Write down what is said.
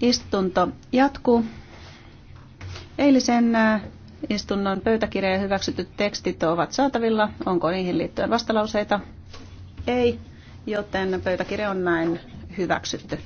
Istunto jatkuu. Eilisen äh, istunnon pöytäkirja ja hyväksytyt tekstit ovat saatavilla. Onko niihin liittyen vastalauseita? Ei, joten pöytäkirja on näin hyväksytty.